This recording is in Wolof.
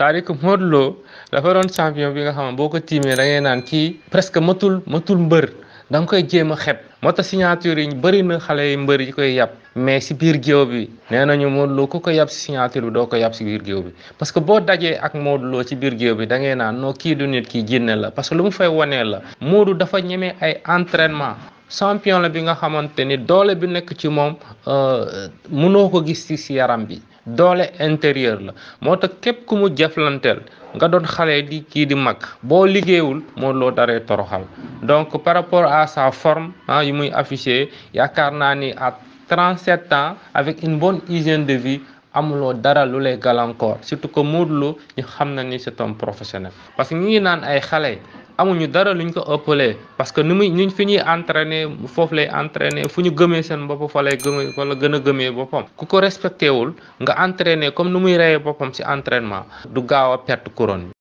c'est-à-dire que Modou dafa doon champion bi nga xam boo ko tiimee da ngay naan kii presque matul matul mbër da nga koy jéem a xet moo tax signature yi bëri na xale yi mbër yi koy yàpp mais si biir géew bi nee nañu Modou Lo ku ko yàpp si signature doo ko yàpp si biir géew bi parce que boo dajee ak ci biir géew bi da ngay naan noo kii du nit kii jinne la parce que lu mu fay wanee la Modou dafa ñemee ay entrainement champion la bi nga xamante ni doole bi nekk ci moom euh, mënoo ko gis si si yaram bi doole intérieur la moo tax képp ku mu jëflanteel nga doon xale di kii di mag boo liggéeyul moo loo daree toroxal donc par rapport à sa forme ah yu muy affiché yaakaar naa ni à 37 ans avec une bonne hygiène de vie amuloo dara lu lay galancor surtout que Modou ñu xam na ni c'est un professionnel parce que ñu ngi naan ay xale. amuñu dara lu ñu ko ëpple parce que ni muy ñu fi ñuy entraîner foofu lay entraîner fu ñu gëmee seen bopp fa lay gëmee wala gën a gëmee boppam ku ko respecté wul nga entraîner comme ni muy reyee boppam ci entrainement du gaaw a perte couronne bi